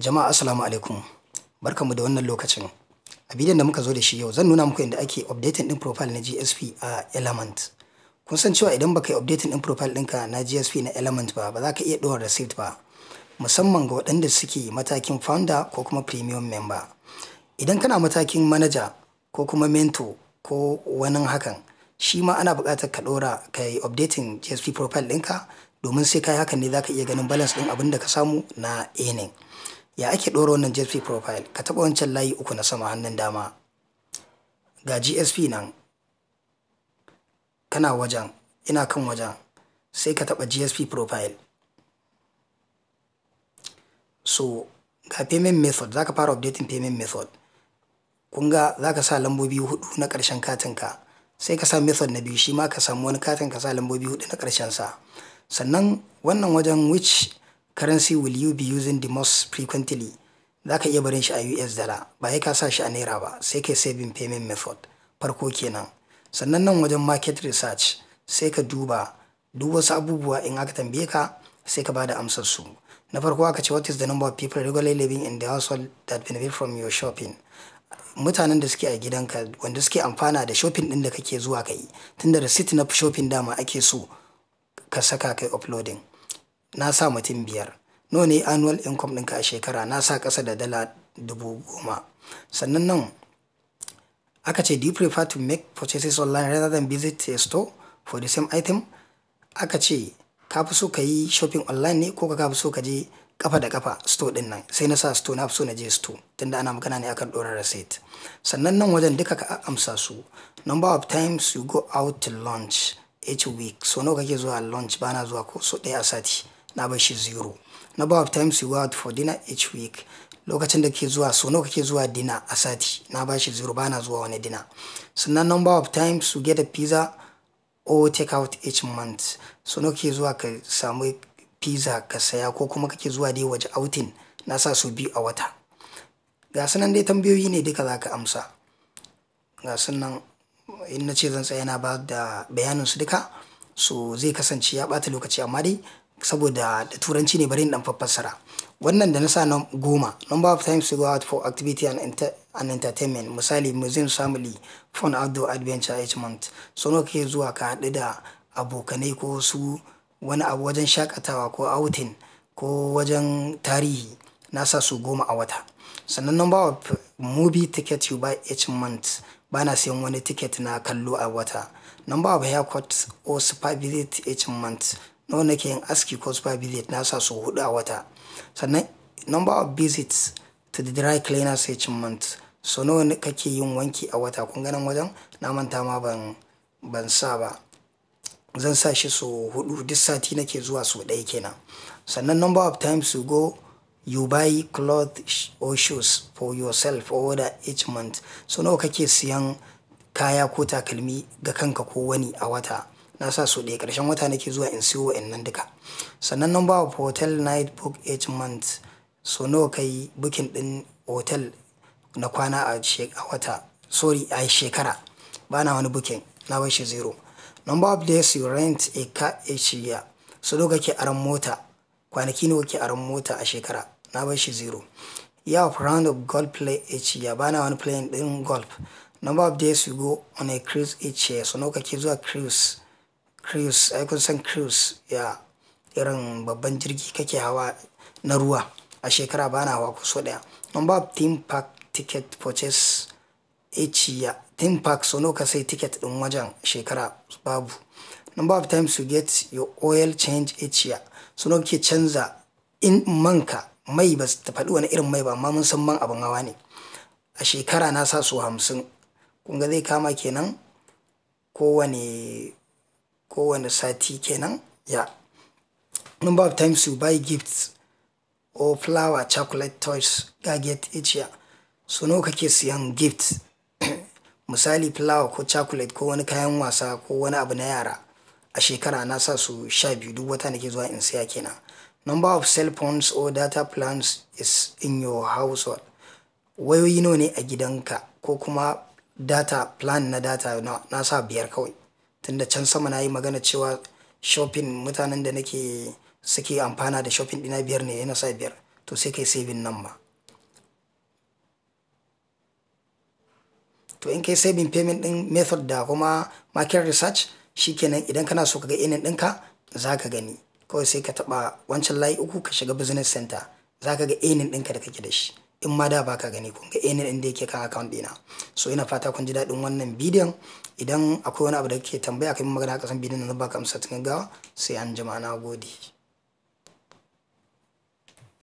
Jama'a assalamu alaikum. Barkanmu da wannan lokacin. A bidiyon da muka zo da shi yau zan nuna muku yadda ake updating din profile na GSP a Element. Kun san cewa idan baka yi updating din profile ɗinka na GSP na Element ba ba za ka iya ɗora receipt ba. Musamman ga waɗanda suke matakin founder ko kuma premium member. Idan kana matakin manager ko kuma mentor ko wani hakan shi ma ana buƙatar ka ɗora ka yi updating GSP profile ɗinka domin sai ka yi hakan ne za ka iya ganin balance ɗin abin da ka samu na earning. ya ake ɗora wannan gsp profile ka taɓa wancan layi uku na sama hannun dama ga gsp nan kana wajen ina kan wajen sai ka taɓa gsp profile so ga payment method za ka fara updating payment method kun ga za ka sa lambobi hudu na ƙarshen katinka sai ka sa method na biyu shi ma ka samu wani katin ka sa lambobi hudu na ƙarshen sa sannan wannan wajen which currency will you be using the most frequently za ka iya barin shi a US dala ba ya ka sa shi a naira ba sai kai saving payment method farko kenan sannan nan wajen market research sai ka duba duk wasu abubuwa in aka tambaye ka sai ka bada amsar su na farko aka ce what is the number of people regularly living in the household that benefit from your shopping mutanen da suke a gidanka wanda suke amfana da shopping din da kake zuwa kai tunda receipt na shopping dama ake so ka saka kai uploading na sa mutum biyar nawa ne annual income ɗinka a shekara na sa ƙasa da dala dubu goma sannan nan aka ce do you prefer to make purchases online rather than visit a store for the same item aka ce ka fi so ka yi shopping online ne ko ka fi so ka je kafa da kafa store din nan sai na sa store na fi so na je store tunda ana magana ne akan ɗora receipt sannan nan wajen duka ka amsa su number of times you go out to lunch each week so nawa kake zuwa lunch bana zuwa ko so ɗaya a sati na ba shi zero number of times you go out for dinner each week lokacin da ke zuwa so nawa kake zuwa dina a sati na ba shi zero bana zuwa wani dina sannan number of times you get a pizza or take out each month so nawa kake zuwa ka samu pizza ka saya ko kuma kake zuwa dai waje outing na sa su biyu a wata ga sunan dai tambayoyi ne duka za ka amsa ga sunan in na ce zan tsaya na ba da bayanin su duka so zai kasance ya bata lokaci amma dai saboda da turanci ne bari in dan fassara wannan da na sa na goma number of times to go out for activity and, enter entertainment misali museum family fun outdoor adventure each month so no kake zuwa ka haɗu da abokanai ko su wani abu wajen shakatawa ko outing ko wajen tarihi na sa su goma a wata sannan number of movie ticket you buy each month ba na sayan wani ticket na kallo a wata number of haircuts or spa visit each month nawa nake yin aski cost per visit na sa su hudu a wata sannan number of visits to the dry cleaners each month so nawa kake yin wanki a wata kun ganin wajen na manta ma ban ban sa ba zan sa shi so hudu duk sati nake zuwa su ɗaya kenan sannan number of times you go you buy clothes or shoes for yourself or other each month so nawa kake siyan kaya ko takalmi ga kanka ko wani a wata na sa su ɗaya ƙarshen wata nake zuwa in siyo nan duka sannan nan bawa hotel night book each month so nawa kai bukin ɗin hotel na kwana a wata sorry a shekara ba na wani bukin na bai shi zero number of days you rent a car each year so nawa kake aron mota kwanaki nawa kake aron mota a shekara na bai shi zero year of round of golf play each year ba na wani playing ɗin golf number of days you go on a cruise each year so nawa kake zuwa cruise cruise ai kun san cruise ya irin babban jirgi kake hawa na ruwa a shekara ba na hawa kusa ɗaya number of theme park ticket purchase year theme park so no ka sai ticket din wajen shekara babu number of times you get your oil change each year so no canza in manka mai ba ta faɗi wani irin mai ba amma mun san man abin hawa ne a shekara na sa su hamsin kun ga zai kama kenan kowane kowane sati kenan ya number of times you buy gifts or flower chocolate toys get each year so no kake siyan gifts, misali flower ko chocolate ko wani kayan wasa ko wani abu na yara a shekara na sa su sha biyu duk wata nake zuwa in siya kenan number of cell phones or data plans is in your household wayoyi nawa ne a gidanka ko kuma data plan na data na sa biyar kawai tunda can sama na yi magana cewa shopin mutanen da nake suke amfana da shopin ɗina biyar ne yana sa biyar to sai kai saving nan ma to in kai saving payment ɗin method da kuma market research shikenan idan kana so ka ga inin ɗinka za ka gani kawai sai ka taɓa wancan layi uku ka shiga business center za ka ga inin ɗinka da kake da shi in ma da baka gani kun ga ainihin inda yake kan account dina so ina fata kun ji daɗin wannan bidiyon idan akwai wani abu da kake tambaya kai magana a kasan bidiyon nan ka amsa tun gaggawa sai an jima na gode